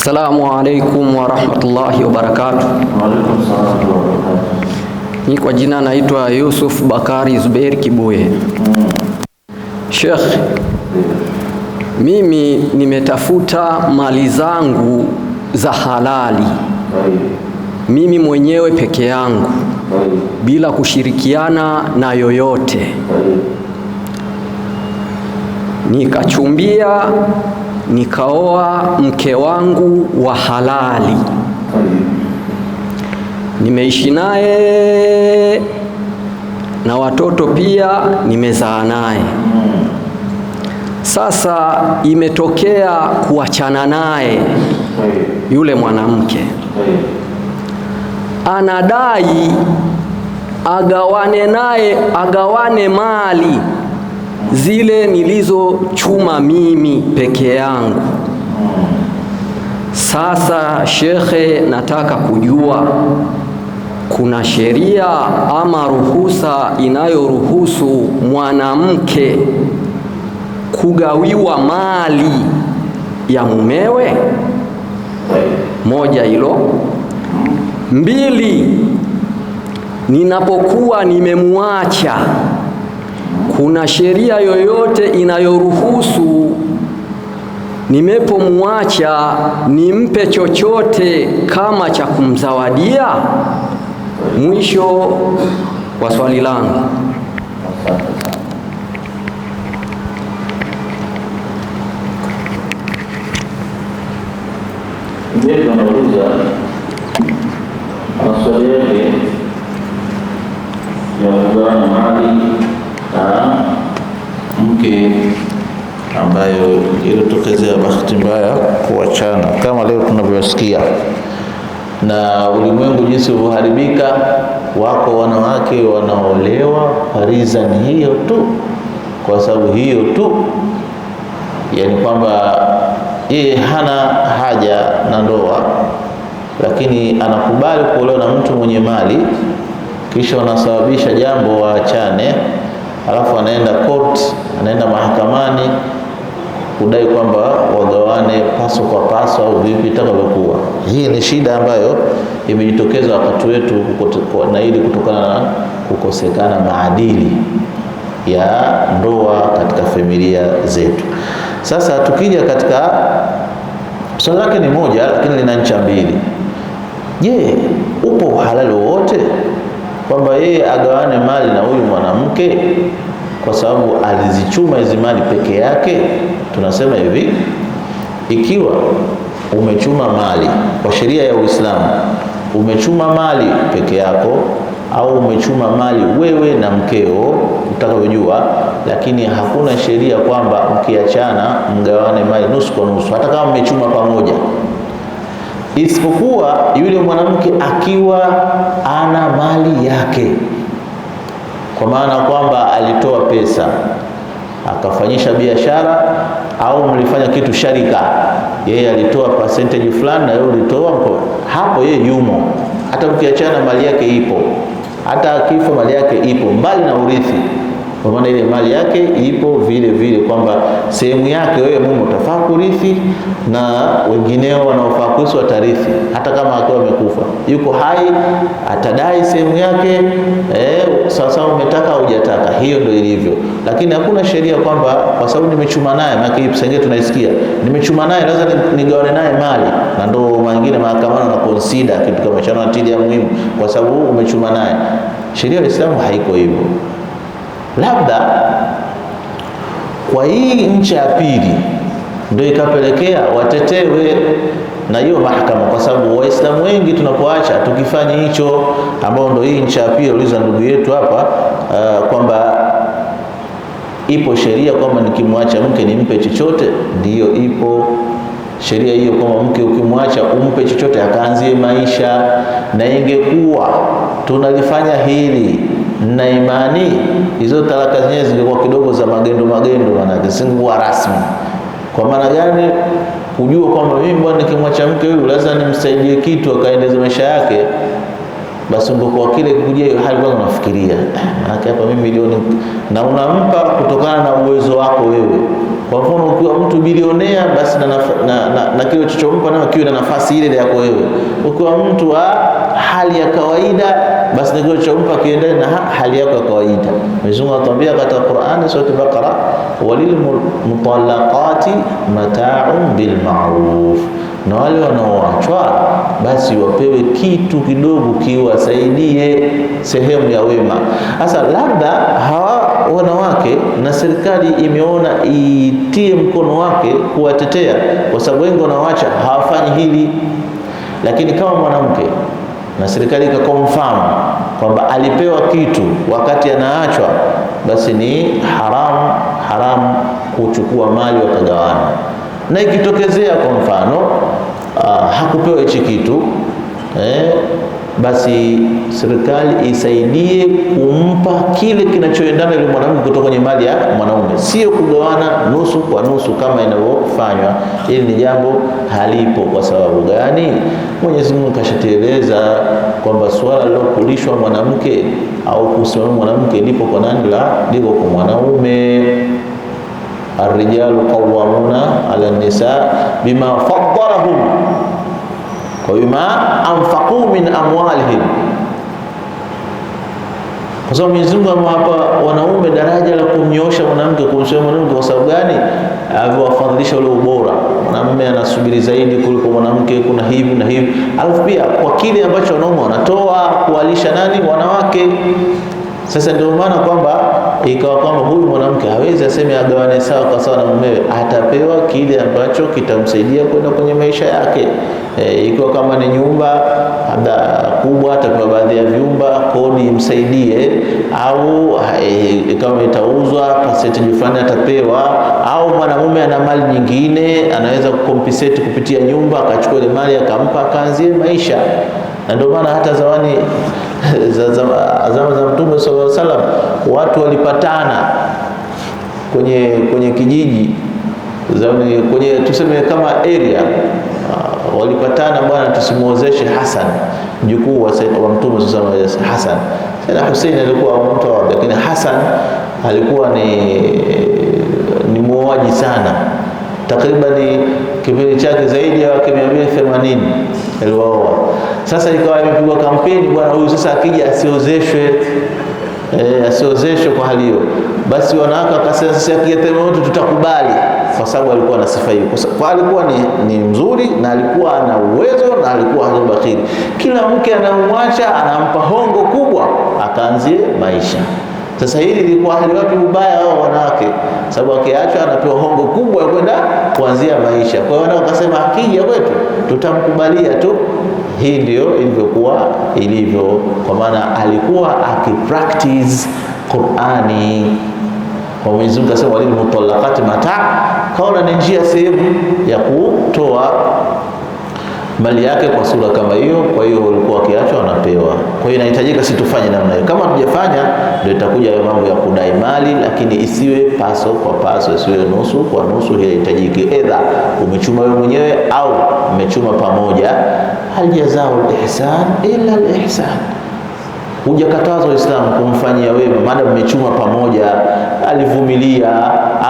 Assalamu alaikum warahmatullahi wabarakatuh. Ni kwa jina naitwa Yusuf Bakari Zuberi Kibuye. mm. Sheikh, mimi nimetafuta mali zangu za halali mimi mwenyewe peke yangu bila kushirikiana na yoyote, nikachumbia nikaoa mke wangu wa halali, nimeishi naye na watoto pia nimezaa naye. Sasa imetokea kuachana naye yule mwanamke, anadai agawane naye, agawane mali zile nilizochuma mimi peke yangu. Sasa shekhe, nataka kujua kuna sheria ama ruhusa inayoruhusu mwanamke kugawiwa mali ya mumewe? Moja hilo. Mbili, ninapokuwa nimemwacha kuna sheria yoyote inayoruhusu nimepomwacha nimpe chochote kama cha kumzawadia? Mwisho wa swali langu. maswali yake haya kuachana, kama leo tunavyosikia na ulimwengu jinsi ulivyoharibika. Wako wanawake wanaolewa pariza ni hiyo tu, kwa sababu hiyo tu, yani kwamba yeye hana haja na ndoa, lakini anakubali kuolewa na mtu mwenye mali, kisha wanasababisha jambo waachane, alafu anaenda court, anaenda mahakamani kudai kwamba wagawane paso kwa paso au vipi itakavyokuwa. Hii ni shida ambayo imejitokeza wakati wetu, na hili kutokana na kukosekana maadili ya ndoa katika familia zetu. Sasa tukija katika swali lake ni moja, lakini lina ncha mbili. Je, upo uhalali wowote kwamba yeye agawane mali na huyu mwanamke? kwa sababu alizichuma hizi mali peke yake. Tunasema hivi, ikiwa umechuma mali kwa sheria ya Uislamu, umechuma mali peke yako au umechuma mali wewe na mkeo utakayojua, lakini hakuna sheria kwamba mkiachana mgawane mali nusu kwa nusu, hata kama mmechuma pamoja, isipokuwa yule mwanamke akiwa ana mali yake, kwa maana kwamba alitoa pesa akafanyisha biashara au mlifanya kitu sharika, yeye alitoa percentage fulani na yeye ulitoa hapo, yeye yumo. Hata ukiachana mali yake ipo, hata akifa mali yake ipo, mbali na urithi. Kwa maana ile mali yake ipo vile vile, kwamba sehemu yake wewe mume utafaa kurithi na wengineo wanaofaa kurithi watarithi, hata kama akiwa amekufa yuko hai atadai sehemu yake eh, sasa umetaka hujataka, hiyo ndio ilivyo. Lakini hakuna sheria kwamba kwa sababu nimechuma naye, maana sengine tunaisikia nimechuma naye lazima nigawane naye mali, na ndio wengine mahakamani na consider kitu kama cha natija muhimu, kwa sababu umechuma naye. Sheria ya Uislamu haiko hivyo. Labda kwa hii nchi ya pili ndio ikapelekea watetewe na hiyo mahakama, kwa sababu Waislamu wengi tunapoacha tukifanya hicho, ambao ndio hii nchi ya pili uliza ndugu yetu hapa uh, kwamba ipo sheria kwamba nikimwacha mke nimpe chochote, ndiyo ipo sheria hiyo kwamba mke ukimwacha umpe chochote akaanzie maisha, na ingekuwa tunalifanya hili na imani hizo, talaka zenyewe zilikuwa kidogo za magendo magendo, maanake singua rasmi. Kwa maana gani? Kujua kwamba mimi bwana, nikimwacha mke huyu lazima nimsaidie kitu akaendeleze maisha yake, basi ndio kwa kile kujia hiyo hali kwanza unafikiria, maana hapa mimi milioni na unampa kutokana na uwezo wako wewe kwa mfano ukiwa mtu bilionea basi na, na, na, na kile chochompa nayo kiwe na nafasi ile yako wewe. Ukiwa mtu wa hali ya kawaida basi na kile chochompa kiendane na hali yako ya kawaida. Mwenyezi Mungu anatuambia katika Qur'ani sura Baqara, walil mutallaqati mata'un bil ma'ruf na wale wanaoachwa basi wapewe kitu kidogo kiwasaidie sehemu ya wema. Sasa labda hawa wanawake na serikali imeona itie mkono wake kuwatetea, kwa sababu wengi wanaoacha hawafanyi hili. Lakini kama mwanamke na serikali ikakomfamu kwamba alipewa kitu wakati anaachwa, basi ni haramu haramu kuchukua mali wakagawana na ikitokezea kwa mfano ah, hakupewa hichi kitu eh, basi serikali isaidie kumpa kile kinachoendana ile mwanamke kutoka kwenye mali ya mwanaume, sio kugawana nusu kwa nusu kama inavyofanywa. Ili ni jambo halipo. Kwa sababu gani? Mwenyezi Mungu kashatieleza kwamba swala lilokulishwa mwanamke au kusimamia mwanamke lipo kwa nani? La, liko kwa mwanaume. Arrijalu qawwamuna 'ala nisa bima faddalahum wa bima anfaqu min amwalihim, kwa sababu Mwenyezi Mungu amewapa wanaume daraja la kumnyosha mwanamke, kumsema mwanamke. Kwa sababu gani? Aliwafadhilisha ule ubora. Mwanamume anasubiri zaidi kuliko mwanamke, kuna hivi na hivi, alafu pia kwa kile ambacho wanaume wanatoa kualisha nani, wanawake. Sasa ndio maana kwamba ikawa kwamba huyu mwanamke hawezi aseme agawane sawa kwa sawa na mumewe, atapewa kile ambacho kitamsaidia kwenda kwenye maisha yake. E, ikiwa kama ni nyumba labda kubwa, atapewa baadhi ya vyumba, kodi imsaidie, au e, kama itauzwa percentage fulani atapewa, au mwanamume ana mali nyingine, anaweza kukompensate kupitia nyumba, akachukua ile mali akampa, akaanzie maisha na ndio maana hata zamani zama za Mtume sallallahu alaihi wasallam watu walipatana kwenye kwenye kijiji zamani, kwenye tuseme kama area ah, walipatana, bwana, tusimuozeshe Hassan mjukuu wa Mtume sallallahu alaihi wasallam. Hassan sana Hussein alikuwa mtu wa, lakini Hassan alikuwa ni ni muoaji sana, takriban kipindi chake zaidi ya wake mia mbili themanini aliwaoa. Sasa ikawa imepigwa kampeni, bwana huyu sasa akija asiozeshwe, e, asiozeshwe kwa hali hiyo. Basi wanawake wakasema sasa akija tena mtu tutakubali, kwa sababu alikuwa na sifa hiyo, kwa alikuwa ni, ni mzuri na alikuwa ana uwezo na alikuwa hajabakhili. Kila mke anamwacha anampa hongo kubwa, akaanzie maisha sasa. Hili lilikuwa wapi? ubaya wao wanawake, sababu akiachwa anapewa hongo kubwa ya kwenda kuanzia maisha. Kwa hiyo nao akija kwetu tutamkubalia tu. Hii ndio ilivyokuwa ilivyo, kwa maana alikuwa akipractice Qur'ani. Kwa Mwenyezi Mungu akasema walil mutallaqati mataa, kaona ni njia sehemu ya kutoa mali yake kwa sura kama hiyo. Kwa hiyo walikuwa wakiachwa wanapewa. Kwa hiyo inahitajika si tufanye namna hiyo, kama tujafanya ndio itakuja hayo mambo ya kudai mali, lakini isiwe paso kwa paso, isiwe nusu kwa nusu. Hiyo inahitajiki edha umechuma wewe mwenyewe au umechuma pamoja. Hal jazau lihsan illa lihsan Hujakataza Uislamu kumfanyia wema, maada mmechuma pamoja. Alivumilia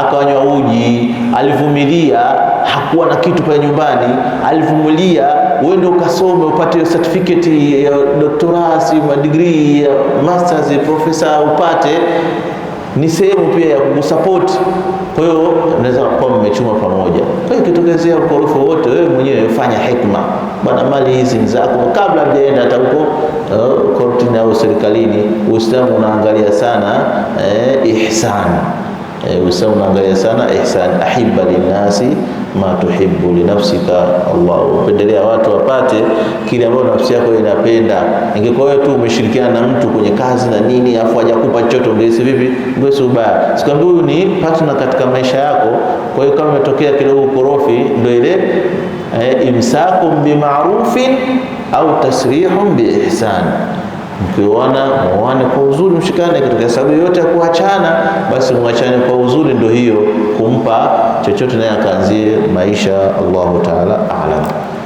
akanywa uji, alivumilia hakuwa na kitu pale nyumbani, alivumilia uende ukasome upate certificate ya doctorate, si degree ya masters, profesa upate ni sehemu pia ya kukusupport. Kwa hiyo unaweza kuwa mmechuma pamoja. Kwa hiyo kitokezea ukorofi wote, wewe mwenyewe fanya hikma bana, mali hizi ni zako, kabla hujaenda hata huko uh, eh, kortini au serikalini. Uislamu unaangalia sana eh, ihsan kabisa, unaangalia sana ihsan. Ahibba linnasi ma tuhibbu linafsika, Allah upendelea watu wapate kile ambacho nafsi yako inapenda. Ingekuwa wewe tu umeshirikiana na mtu kwenye kazi na nini, afu hajakupa chochote, ungehisi vipi? Ungehisi ubaya. Sikwambi huyu ni partner katika maisha yako. Kwa hiyo kama imetokea kidogo ukorofi, ndio ile eh, imsakum bima'rufin au tasrihum ihsan Mkiona muone kwa uzuri, mshikane katika sababu yote ya kuachana, basi muachane kwa uzuri. Ndio hiyo kumpa chochote naye akaanzie maisha. Allahu taala alam.